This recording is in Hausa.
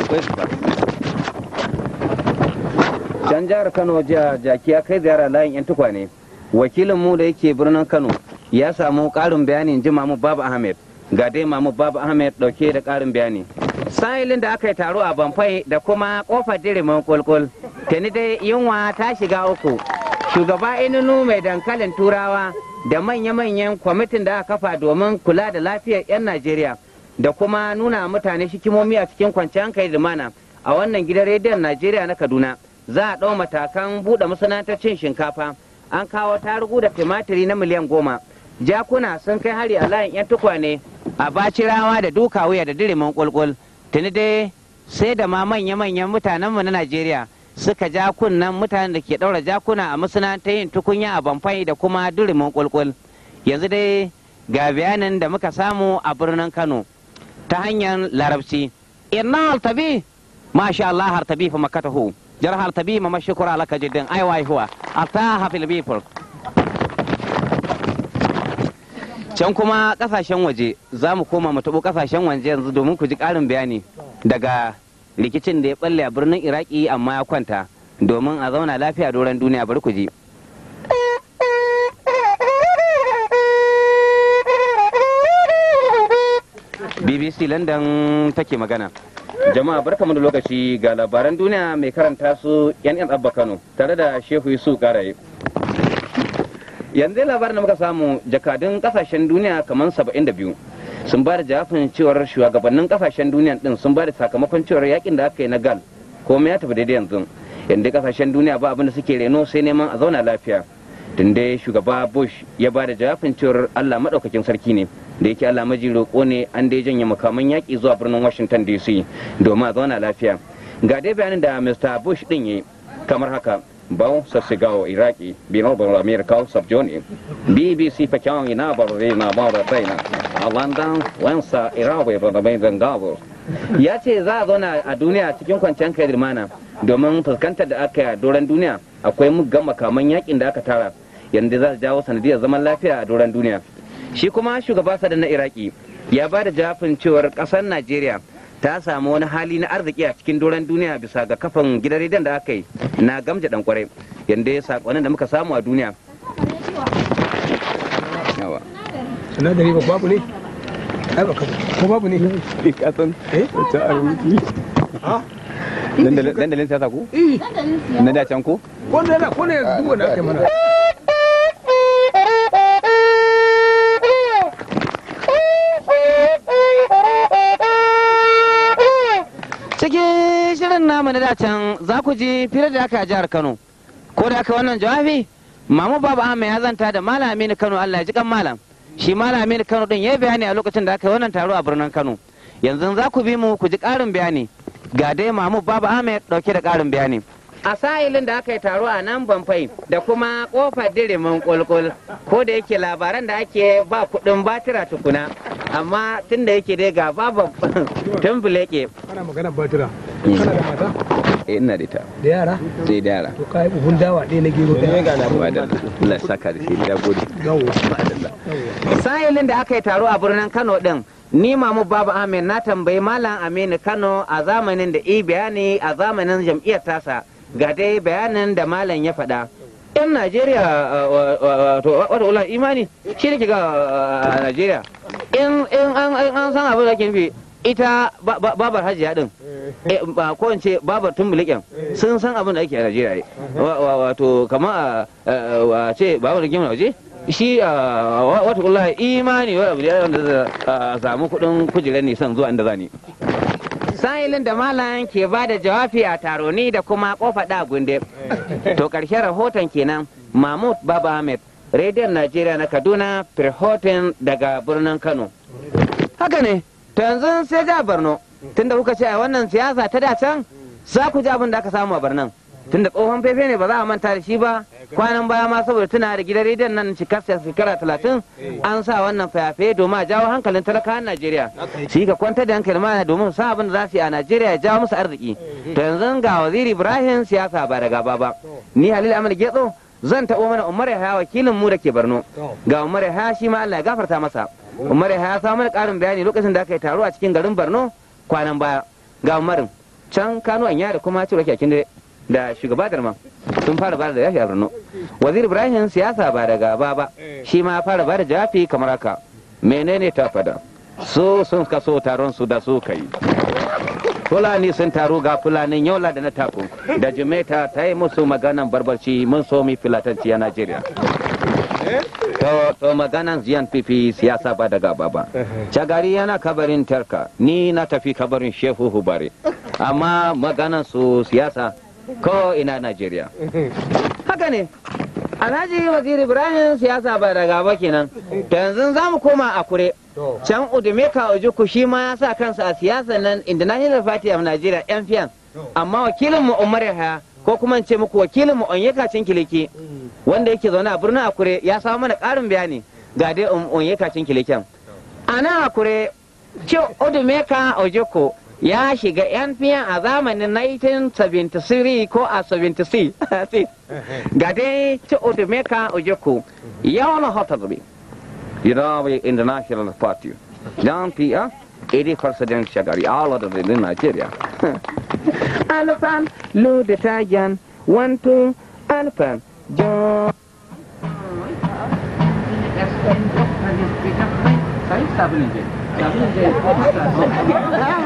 akwai su can jihar kano jiya jaki ya kai ziyara layin yan tukwane wakilin mu da yake birnin kano ya samu karin bayani ji mamu babu ahmed ga dai mamu babu ahmed dauke da karin bayani sayilin da aka yi taro a Bamfai da kuma kofar dirimin kulkul tani dai yunwa ta shiga uku shugaba inunu mai dankalin turawa da manya-manyan kwamitin da aka kafa domin kula da lafiyar 'yan najeriya da kuma nuna mutane shikimomi a cikin kwanciyar hankali da mana a wannan gidan rediyon najeriya na kaduna za a ɗau matakan buɗe masana'antar shinkafa an kawo tarugu da timatiri na miliyan goma jakuna sun kai hari a layin yan tukwane a bacirawa da duka wuya da diriman kulkul tuni dai sai da ma manya-manyan mutanenmu na najeriya suka ja kunnen mutanen da ke ɗaura jakuna a masana'antar yin tukunya a banfai da kuma diriman kulkul yanzu dai ga bayanin da muka samu a birnin kano ta hanyar larabci inna altabi masha Allah altabi fa makatahu jarha altabi ma mashkura laka jiddan ai wai huwa ataha hafil people can kuma kasashen waje za mu koma mu tabo kasashen waje yanzu domin ku ji karin bayani daga rikicin da ya balle a birnin iraki amma ya kwanta domin a zauna lafiya doron duniya bari ku ji bbc london take magana jama'a barkamu da lokaci ga labaran duniya mai karanta su yan abba kano tare da shehu yusuf karaye yanzu labarin da muka samu jakadun kasashen duniya kamar 72 sun ba da jafin cewar shugabannin kasashen duniya din sun ba da sakamakon cewar yakin da aka yi na gal me ya tafi daidai yanzu yanda kasashen duniya ba abin da suke reno sai neman a zauna lafiya tunda shugaba bush ya ba da jafin cewar allah maɗaukakin sarki ne da yake Allah maji roƙo ne an dai janye makaman yaƙi zuwa birnin Washington DC domin a zauna lafiya. Ga dai bayanin da Mr. Bush ɗin yi kamar haka. Bau sassigawa Iraki, Bino Baro Amerika, Sabjoni, BBC Pakistan ina baro na baro China, a London, Wensa, Irawe, Barabai Zangawo. Ya ce za a zauna a duniya cikin kwanciyar kai mana domin fuskantar da aka yi a doron duniya akwai muggan makaman yakin da aka tara yadda za su jawo sanadiyar zaman lafiya a doron duniya. shi kuma shugaba sadar na iraki ya ba da jafin cewar kasar najeriya ta samu wani hali na arziki a cikin doron duniya bisa ga kafan gidan rediyon da aka yi na gamja dan kwarai yadda ya sakonin da muka samu a duniya sinadari ba babu ne ko babu ne kasan ta aruti dandalin siyasa ko? Eh. na da can ko? ko da ko ne zuwa na ake mana shirin namu da can za ku ji fira da aka a jihar Kano. Ko da aka wannan jawabi, Mamu Baba Ahmed ya zanta da Malam Aminu Kano Allah ya ji kan Malam. Shi Malam Aminu Kano din ya bayani a lokacin da aka wannan taro a birnin Kano. Yanzu za ku bi mu ku ji ƙarin bayani. Ga dai Mamu Baba Ahmed ɗauke da karin bayani. a sailin da aka yi taro a nan banfai da kuma kofar direman kulkul ko da yake labaran da ake ba kudin batira tukuna amma tun da yake dai ga babu tun ana magana batira Eh. eh ina da ita da yara sai da yara to ka yi buhun dawa ɗaya na gero da ga na ba da Allah saka da shi da gode sahilin da aka yi taro a birnin Kano din ni mamu babu amin na tambayi malam aminu kano a zamanin da i bayani a zamanin jam'iyyar tasa ga dai bayanin da malam ya faɗa yan najeriya wata wula imani shi da ga najeriya in an san abin da ke nufi ita babar hajiya din eh. Eh, ko in ce babar tumbulikin eh. sun san abin da ake a najeriya wato kama a wace babar da gimna waje shi a wata kullahi imani wa abu da za samu kudin kujerar nisan zuwa inda zani sa'ilin da malayan ke ba da jawafi a taro ni da kuma kofa da gunde to karshen rahoton kenan mahmud baba ahmed rediyon najeriya na kaduna firhotin daga birnin kano haka ne to yanzu sai ja barno tunda kuka ce a wannan siyasa ta da can za ku ji abin da aka samu a barnan tunda tsohon fefe ne ba za a manta da shi ba kwanan baya ma saboda tuna da gidan rediyon nan cikar shekara talatin an sa wannan fayafe domin a jawo hankalin talakawan najeriya shi ka kwantar da hankali ma domin sa abin da za su yi a najeriya ya jawo musu arziki to yanzu ga waziri ibrahim siyasa ba da gaba ba ni halil amal getso zan taɓo mana umar Yahaya wakilin mu da ke barno ga umar ya shi ma Allah ya gafarta masa umar ya samu mana ƙarin bayani lokacin da aka yi taro a cikin garin barno kwanan baya ga umarin can kano anya da kuma cewa kyakin da shugaba ma sun fara bada da yafi a barno wazir ibrahim siyasa ba da gaba ba shi ma fara bada jafi kamar haka menene ta fada so sun kaso taron su da su kai fulani sun taru ga Fulani yola da na taku da jimeta ta yi musu maganan barbarci mun so mi filatanci a najeriya to, maganan ziyan pipi siyasa ba da gaba ba shagari yana kabarin tarka ni na tafi kabarin shehu hubari amma maganan su siyasa ko ina najeriya haka ne alhaji waziri ibrahim siyasa ba da gaba kenan yanzu za mu koma a kure can udumeka ojuku shi ma ya sa kansa a siyasa nan international party Najeriya nigeria fiyan amma wakilin mu umar haya ko kuma ce muku wakilin mu onyeka kiliki wanda yake zaune a birnin akure ya samu mana karin bayani ga dai um, onyeka a nan akure ce udumeka ojuku ya shiga npn a zamanin 1973 ko a 76 ga dai ce udumeka ya yawon hotel İravi International Party. Cantiya ağladı dedi Nigeria. Alfan lu one two alfan jo.